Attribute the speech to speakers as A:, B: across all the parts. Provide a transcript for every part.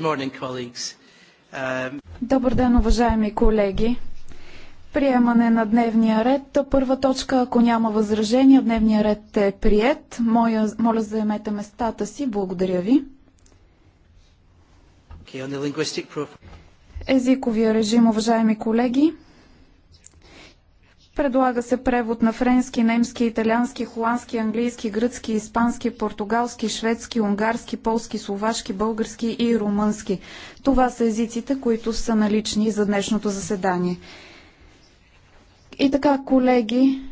A: Morning, um, Добър ден, уважаеми колеги. Приемане на дневния ред. Първа точка, ако няма възражения, дневния ред е прият. Моля, заемете местата си. Благодаря ви. Езиковия режим, уважаеми колеги. Предлага се превод на френски, немски, италиански, холандски, английски, гръцки, испански, португалски, шведски, унгарски, полски, словашки, български и румънски. Това са езиците, които са налични за днешното заседание. И така, колеги,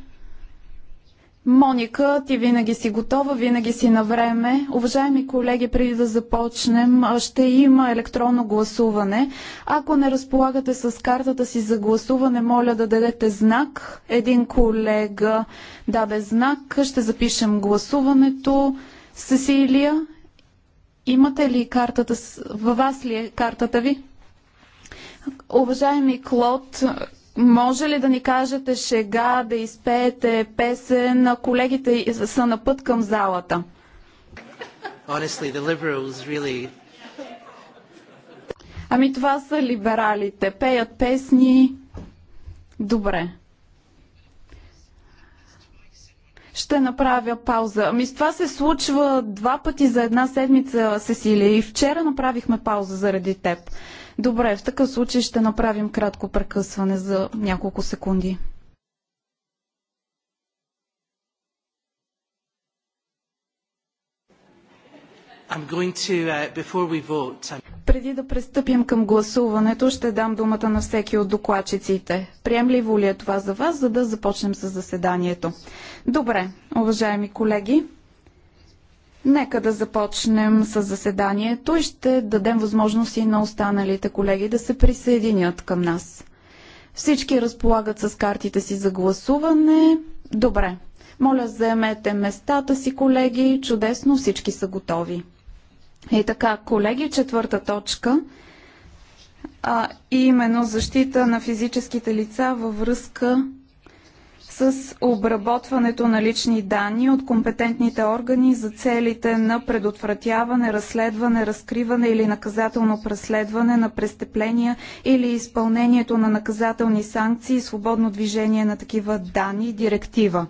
A: Моника, ти винаги си готова, винаги си на време. Уважаеми колеги, преди да започнем, ще има електронно гласуване. Ако не разполагате с картата си за гласуване, моля да дадете знак. Един колега даде знак. Ще запишем гласуването. Сесилия, имате ли картата? Във вас ли е картата ви? Уважаеми Клод, може ли да ни кажете шега, да изпеете песен, а колегите са на път към залата? Honestly, the liberals really... Ами това са либералите. Пеят песни. Добре. Ще направя пауза. Ами с това се случва два пъти за една седмица, Сесилия. И вчера направихме пауза заради теб. Добре, в такъв случай ще направим кратко прекъсване за няколко секунди. I'm going to, uh, before we vote, I'm... Преди да пристъпим към гласуването, ще дам думата на всеки от докладчиците. Приемливо ли е това за вас, за да започнем с заседанието? Добре, уважаеми колеги, нека да започнем с заседанието и ще дадем възможност и на останалите колеги да се присъединят към нас. Всички разполагат с картите си за гласуване. Добре. Моля, заемете местата си, колеги. Чудесно, всички са готови. И така, колеги, четвърта точка а именно защита на физическите лица във връзка с обработването на лични данни от компетентните органи за целите на предотвратяване, разследване, разкриване или наказателно преследване на престъпления или изпълнението на наказателни санкции и свободно движение на такива данни директива.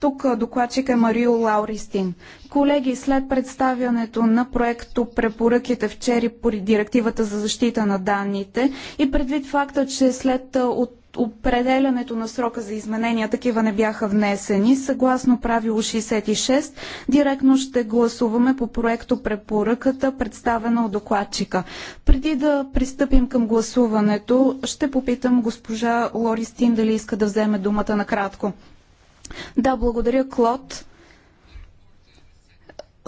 A: Тук докладчик е Марио Лауристин. Колеги, след представянето на проекто препоръките вчери по директивата за защита на данните и предвид факта, че след от определянето на срока за изменения такива не бяха внесени. Съгласно правило 66, директно ще гласуваме по проекто препоръката, представена от докладчика. Преди да пристъпим към гласуването, ще попитам госпожа Лористин дали иска да вземе думата накратко. Да, благодаря, Клод.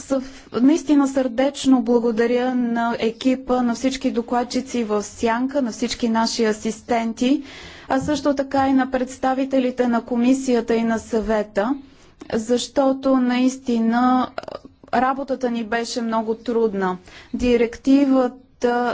A: Съв... Наистина сърдечно благодаря на екипа, на всички докладчици в Сянка, на всички наши асистенти, а също така и на представителите на комисията и на съвета, защото наистина работата ни беше много трудна. Директивата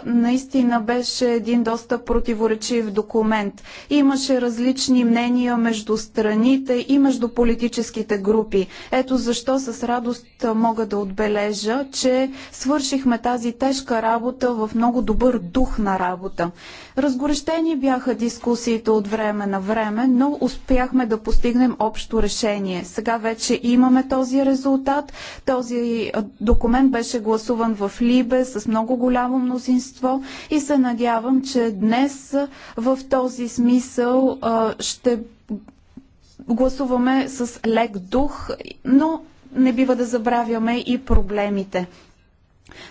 A: наистина беше един доста противоречив документ. Имаше различни мнения между страните и между политическите групи. Ето защо с радост мога да отбележа, че свършихме тази тежка работа в много добър дух на работа. Разгорещени бяха дискусиите от време на време, но успяхме да постигнем общо решение. Сега вече имаме този резултат. Този документ беше гласуван в Либе с много голямо мнозинство мнозинство и се надявам, че днес в този смисъл ще гласуваме с лек дух, но не бива да забравяме и проблемите.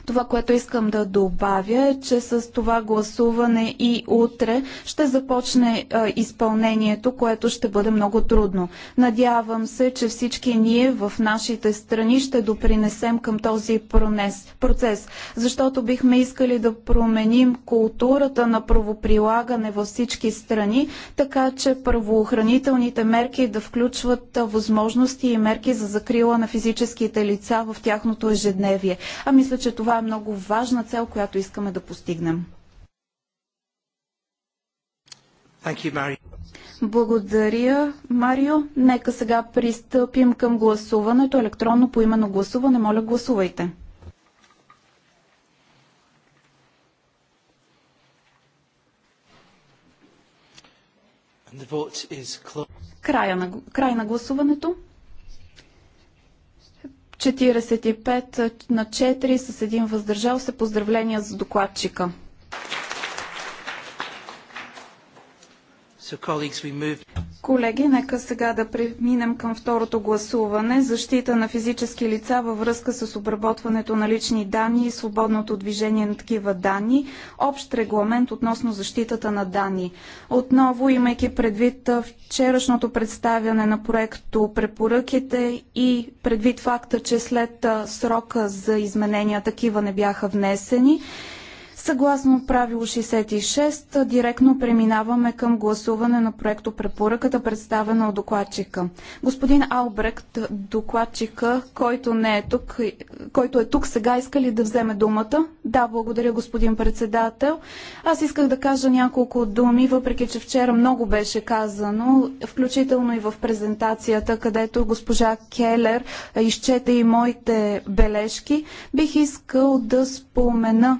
A: Това, което искам да добавя е, че с това гласуване и утре ще започне а, изпълнението, което ще бъде много трудно. Надявам се, че всички ние в нашите страни ще допринесем към този процес, защото бихме искали да променим културата на правоприлагане във всички страни, така че правоохранителните мерки да включват възможности и мерки за закрила на физическите лица в тяхното ежедневие. А мисля, че това е много важна цел, която искаме да постигнем. Благодаря, Марио. Нека сега пристъпим към гласуването. Електронно по именно гласуване. Моля, гласувайте. край на гласуването. 45 на 4 с един въздържал се. Поздравления за докладчика. Колеги, нека сега да преминем към второто гласуване – защита на физически лица във връзка с обработването на лични данни и свободното движение на такива данни, общ регламент относно защитата на данни. Отново, имайки предвид вчерашното представяне на проекто препоръките и предвид факта, че след срока за изменения такива не бяха внесени, Съгласно правило 66, директно преминаваме към гласуване на проекто препоръката, представена от докладчика. Господин Албрект, докладчика, който не е тук, който е тук сега, иска ли да вземе думата? Да, благодаря, господин председател. Аз исках да кажа няколко думи, въпреки че вчера много беше казано, включително и в презентацията, където госпожа Келер изчете и моите бележки. Бих искал да спомена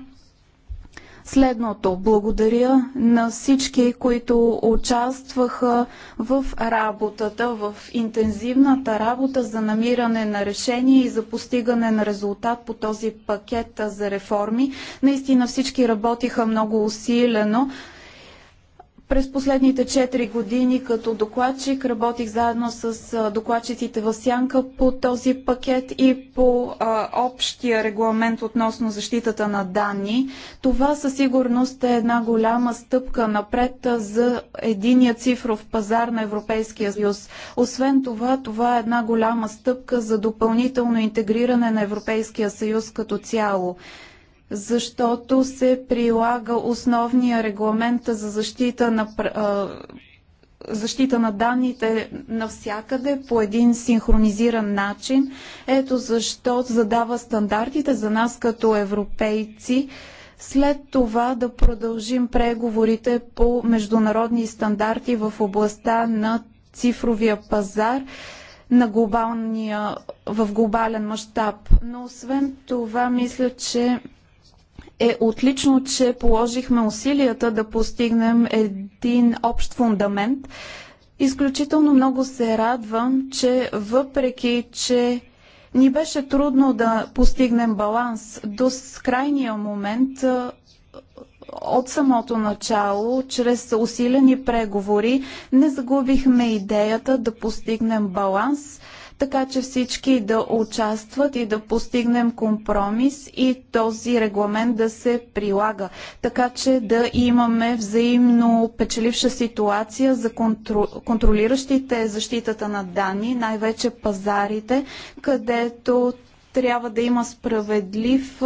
A: следното. Благодаря на всички, които участваха в работата, в интензивната работа за намиране на решение и за постигане на резултат по този пакет за реформи. Наистина всички работиха много усилено. През последните 4 години като докладчик работих заедно с докладчиците в Сянка по този пакет и по а, общия регламент относно защитата на данни. Това със сигурност е една голяма стъпка напред за единия цифров пазар на Европейския съюз. Освен това, това е една голяма стъпка за допълнително интегриране на Европейския съюз като цяло защото се прилага основния регламент за защита на защита на данните навсякъде по един синхронизиран начин. Ето защо задава стандартите за нас като европейци. След това да продължим преговорите по международни стандарти в областта на цифровия пазар на глобалния, в глобален мащаб. Но освен това, мисля, че е отлично, че положихме усилията да постигнем един общ фундамент. Изключително много се радвам, че въпреки, че ни беше трудно да постигнем баланс до крайния момент, от самото начало, чрез усилени преговори, не загубихме идеята да постигнем баланс, така че всички да участват и да постигнем компромис и този регламент да се прилага, така че да имаме взаимно печеливша ситуация за контр... контролиращите защитата на данни, най-вече пазарите, където трябва да има справедлив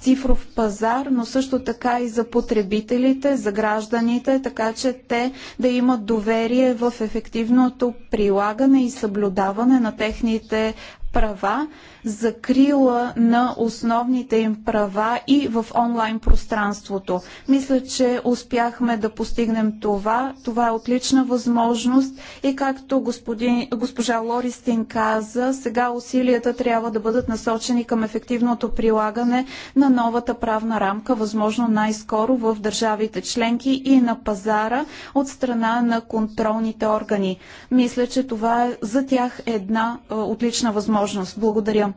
A: цифров пазар, но също така и за потребителите, за гражданите, така че те да имат доверие в ефективното прилагане и съблюдаване на техните права закрила на основните им права и в онлайн пространството. Мисля, че успяхме да постигнем това. Това е отлична възможност и както господин, госпожа Лористин каза, сега усилията трябва да бъдат насочени към ефективното прилагане на новата правна рамка, възможно най-скоро в държавите членки и на пазара от страна на контролните органи. Мисля, че това е за тях една е, отлична възможност. Благодаря.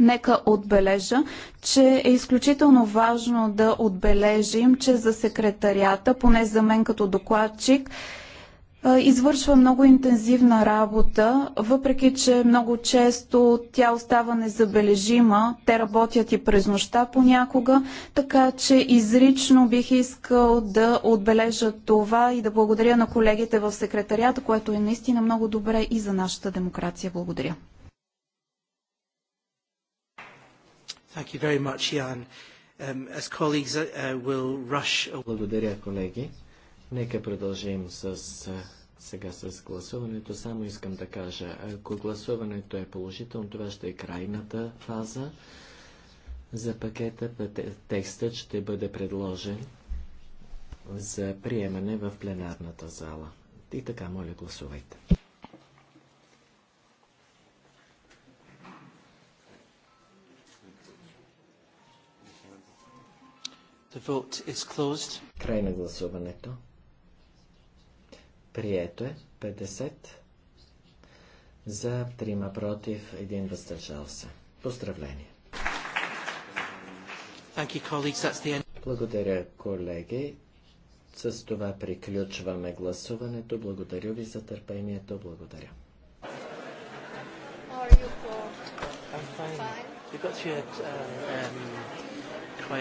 A: Нека отбележа, че е изключително важно да отбележим, че за секретарията, поне за мен като докладчик, извършва много интензивна работа, въпреки че много често тя остава незабележима. Те работят и през нощта понякога, така че изрично бих искал да отбележа това и да благодаря на колегите в секретарията, което е наистина много добре и за нашата демокрация. Благодаря. Thank you very much, Jan. Um, as colleagues uh, uh will rush... Благодаря, колеги. Нека продължим с, сега с гласуването. Само искам да кажа, ако гласуването е положително, това ще е крайната фаза за пакета. Текстът ще бъде предложен за приемане в пленарната зала. И така, моля, гласувайте. The vote is closed. Край на гласуването. Прието е 50 за 3 против, 1 въздържал се. Поздравление! You, Благодаря, колеги. С това приключваме гласуването. Благодаря ви за търпението. Благодаря. I'm fine. fine. You got your uh, um,